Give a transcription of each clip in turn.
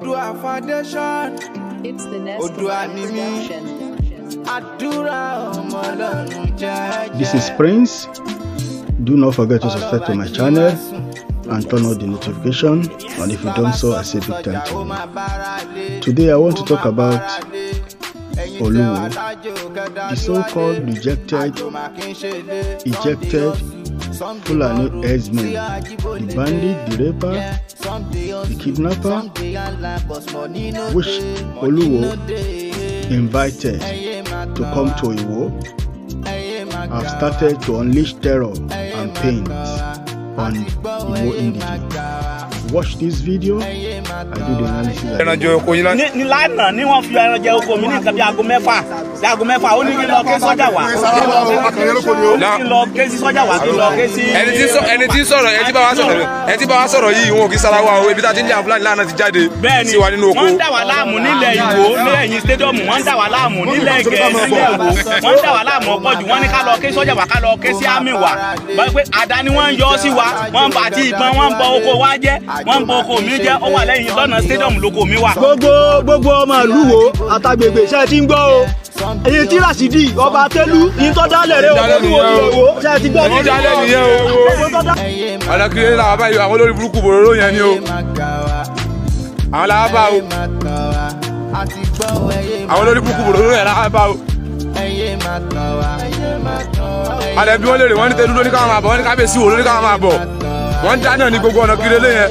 Odua Foundation. It's the Nest Odua Nimi. This is Prince. Do not forget to subscribe to my channel and turn on the notification and if you don't so I say big thank you. Today I want to talk about Oluwo, the so-called rejected, ejected Fulani herdsmen, the bandit, the rapper, the kidnapper, which Oluwo invited to come to Iwo, have started to unleash terror and pains on Iwo indigenes watch this video and do the analysis. ẹranjẹ oko wá sọ̀rọ̀ yìí wọn ò kí sára wa o ibi tá a ti ń jà fúlàní lánàá ti jáde sí wa nínú oko. wọ́n ń dà wá láàmú nílẹ̀ ìwò lẹ́yìn stadium wọ́n ń dà wá láàmú nílẹ̀ gẹ̀ẹ́ nílẹ̀ ìwò wọ́n ń dà wá láàmú ọ̀pọ̀ wọ́n ní ká lọ ké sọ́jà wá ká lọ ké sí àmì wá báyìí pé àdá ni wọ́n ń yọ sí wa wọ́n ń bàtí ìbọn wọ́n ń bọ oko wa jẹ́ wọ́n ń bo oko mi jẹ́ ó wà lẹ́yìn lọ́nà stadium loko mi wà. gbogbo gbogbo ọmọ ìlú wo àtàgbègbè iṣẹ́ ti ń gbọ́ o èyí tí Rasidi ọba tẹ́lú ní tó dálẹ̀ rẹ òkú ní ṣe ti gbọ́ ní dálẹ̀ nìyẹn o. ọ̀dọ́kìlẹ̀ làwọn báyìí àwọn olórí burúkú bòróró yẹn ni o àwọn làwọn bá o àwọn olórí burúkú bòróró yẹn làwọn bá o alẹ́ bí lè rè wọ́n ní tẹ́lú lóníkàwọn máa bọ̀ wọ́n ní kábíyèsí wò lóníkàwọn máa bọ̀ wọ́n dáná ní gbogbo ọ̀nà kiri lé yẹn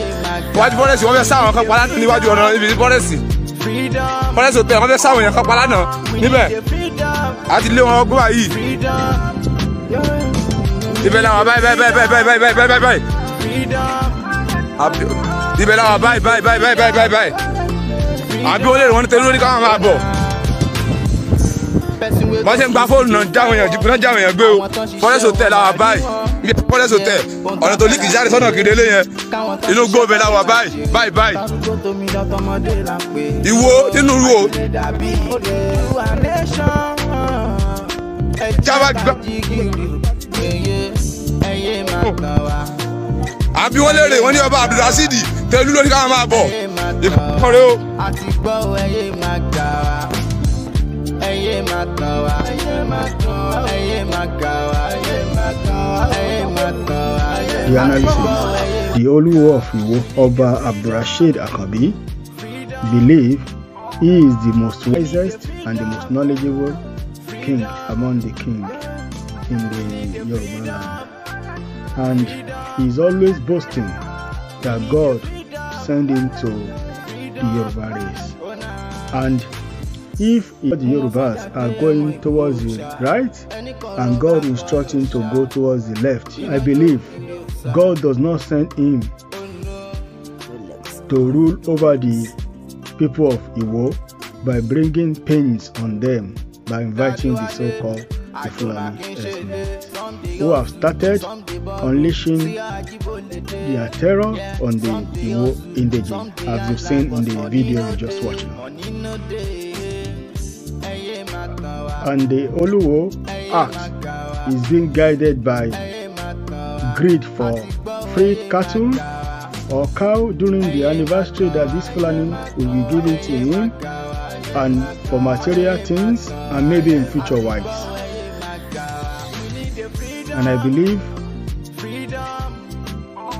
iwájú bọ́rẹ́sì wọ́n fẹ́ sáwọn kan pa lánàá níwájú ọ̀nà ibi bọ́rẹ́sì bọ́rẹ́sì òtẹ́ wọ́n fẹ́ sáwọn èèyàn kan pa lánàá níbẹ̀ àti lé wọn gbọ́ yìí ibẹ̀ làwọn báyìí báyìí báyìí báyìí báyìí báyìí báyìí làwọn báyìí báyìí báyìí báyìí báyìí àbí wọ́n lè rán tẹ́lú lórí káwọn máa bọ̀ bọ́n ṣe ń gba fóònù náà jáwọn èèyàn jìbìtàn jáwọn èèyàn gbé o forest hotel la wà báyìí forest hotel ọ̀nà tó líkì jáde sọ́nà kedele yẹn inú gómìnà la wà báyìí báyìí báyìí ìwo nínú wo jábà gbà. àbí wọ́n lérè wọ́n ní ọba abdulrasidi tẹ́lú lórí káwọn máa bọ̀ ìpàkọ́rẹ́ o. àti gbọ́ ẹyẹ máa gbà wá. ayé máa tàn wá. ayé máa kà wá. ayé The analysis The of Iwo, Oba Abdulrasheed Akabi, believe he is the most wisest and the most knowledgeable king among the kings in the Yoruba land. And he is always boasting that God sent him to the Yoruba race. And if the Yorubas are going towards the right and God instructs him to go towards the left, I believe God does not send him to rule over the people of Iwo by bringing pains on them by inviting the so-called Fulani who have started unleashing their terror on the Iwo indigenous, as you've seen in the video you just watched Hande Oluwo Act is being guided by greed for free cattle or cow during the anniversary that this planning will be given to him and for material things and maybe in future wives. And I believe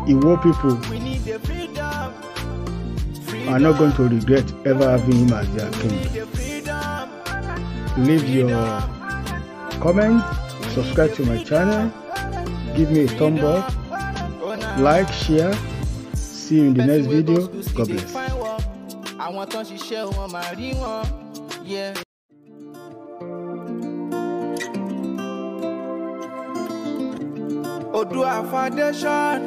Iwo people are not going to regret ever having him as their king. leave your comment, subscribe to my channel, give me a thumb up, like, share. See you in the next video. God bless. Odua Foundation.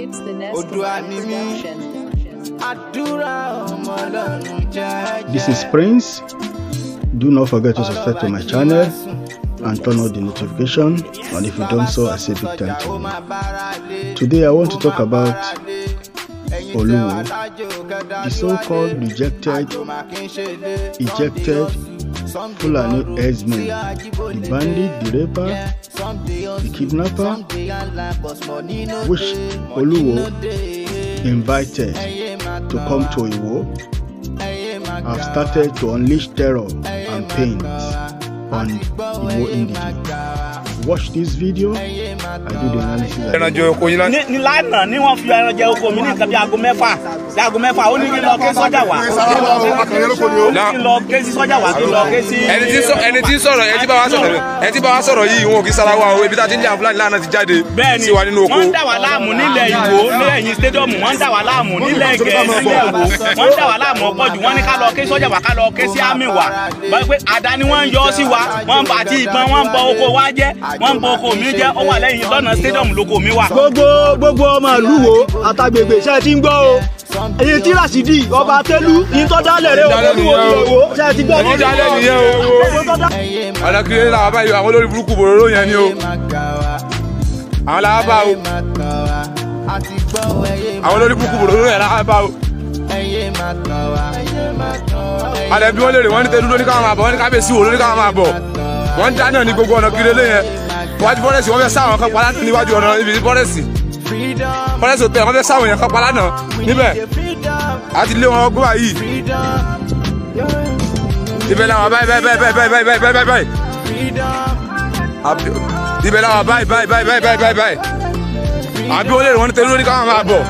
It's the next Odua Nimi. Adura This is Prince. Do not forget to subscribe to my channel and turn on the notification and if you don't so I say big thank you. Today I want to talk about Oluwo, the so-called rejected, ejected Fulani herdsmen, the bandit, the rapper, the kidnapper, which Oluwo invited to come to Iwo, have started to unleash terror campaigns on Igbo English. watch this video i do the analysis. ẹranjẹ oko yín lánàá. ní lánàá ni wọ́n fi ẹranjẹ oko mi ní nǹkan bí aago mẹ́fà bí aago mẹ́fà ó ní kí n lọ ké sọ́jà wá. kí n lọ ké sí sọ́jà wá kí n lọ ké sí. ẹni tí sọ̀rọ̀ ẹni tí bá wa sọ̀rọ̀ ẹni tí bá wa sọ̀rọ̀ yìí wọn ò kí sára wa o ibi tá a ti ń jà fúlàní lánàá ti jáde sí wọ́n ń dà wá láàmú nílẹ̀ ìwò lẹ́yìn stadium wọ́n ń dà wá láàmú nílẹ̀ gẹ̀ẹ́ nílẹ̀ wọ́n ń dà wá láàmú ọ̀pọ̀ jù wọ́n ní ká lọ ké sọ́jà wá ká lọ ké sí àmì wá wọ́n ń bo oko mi jẹ́ ó wà lẹ́yìn lọ́nà stadium loko mi wà. gbogbo gbogbo ọmọ ìlú wo àtàgbègbè iṣẹ́ ti ń gbọ́ o èyí tí Rasidi ọba tẹ́lú ní tó dálẹ̀ rẹ olúwo ti èwo iṣẹ́ ti gbọ́ ní dálẹ̀ nìyẹn o. ọ̀dọ́kìlẹ̀ làwọn báyìí àwọn olórí burúkú bòróró yẹn ni o àwọn làwọn bá o àwọn olórí burúkú bòróró yẹn làwọn bá o alẹ́ bí wọ́n lè rè wọ́n ní tẹ́lú lóníkàwọn máa bọ̀ wọ́n ní kábíyèsí wò lóníkàwọn máa bọ̀ wọ́n ń dáná ní gbogbo ọ̀nà kiri ilé yẹn iwájú bọ́rẹ́sì wọ́n fẹ́ sáwọn kan pa lánàá níwájú ọ̀nà ibi bọ́rẹ́sì bọ́rẹ́sì hotel wọ́n fẹ́ sáwọn yẹn kan pa lánàá níbẹ̀ àti lé wọn gbọ́ yìí ibẹ̀ làwọn báyìí báyìí báyìí báyìí báyìí báyìí ibẹ̀ làwọn báyìí báyìí báyìí báyìí báyìí àbí wọ́n lè rán tẹ́lú lórí káwọn máa bọ̀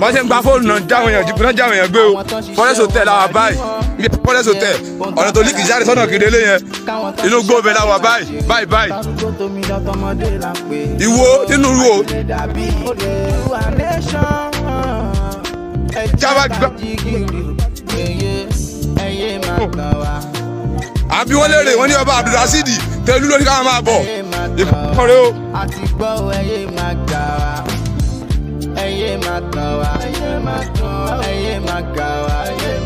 bọ́n ṣe ń gba fóònù náà jáwọn èèyàn jìbìtàn jáwọn èèyàn gbé o forest hotel làwà báyìí bí forest hotel ọ̀nà tó líkì jáde sọ́nà kedele yẹn inú gbóòbẹ̀ làwà báyìí báyìí báyìí ìwo nínú wo jábà gbà. àbí wọ́n lérè wọ́n ní ọba abdulrasidi tẹ́lú lórí káwọn máa bọ̀ ìpàkọ́rẹ́ o. ayé ayé ayé ayé ayé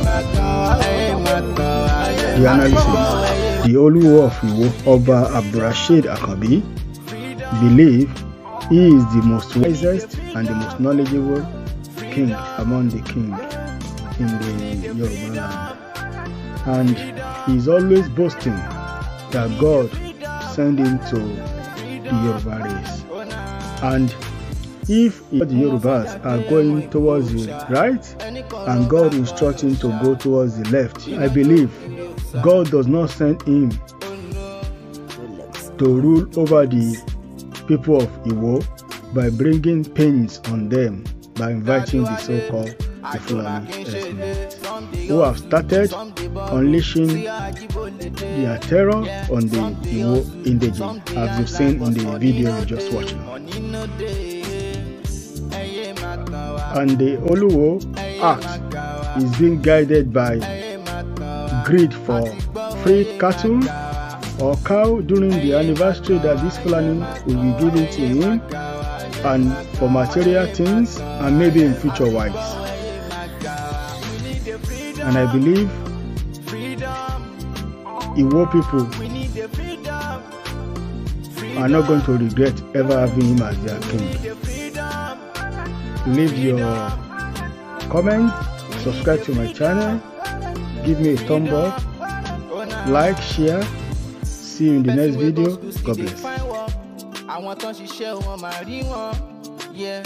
The analysis The Oluwo of Iwo, Oba Abdulrasheed Akabi, believe he is the most wisest and the most knowledgeable king among the kings in the Yoruba land. And he is always boasting that God sent him to the Yoruba race. And if the Yorubas are going towards the right and God instructs him to go towards the left, I believe God does not send him to rule over the people of Iwo by bringing pains on them by inviting the so-called the Fulani who have started unleashing their terror on the Iwo indigenous, as you've seen in the video you just watched Hande Oluwo Act is being guided by greed for free cattle or cow during the anniversary that this planning will be given to him and for material things and maybe in future wives. And I believe Iwo people are not going to regret ever having him as their king leave your comment, subscribe to my channel, give me a thumb up, like, share. See you in the next video. God bless.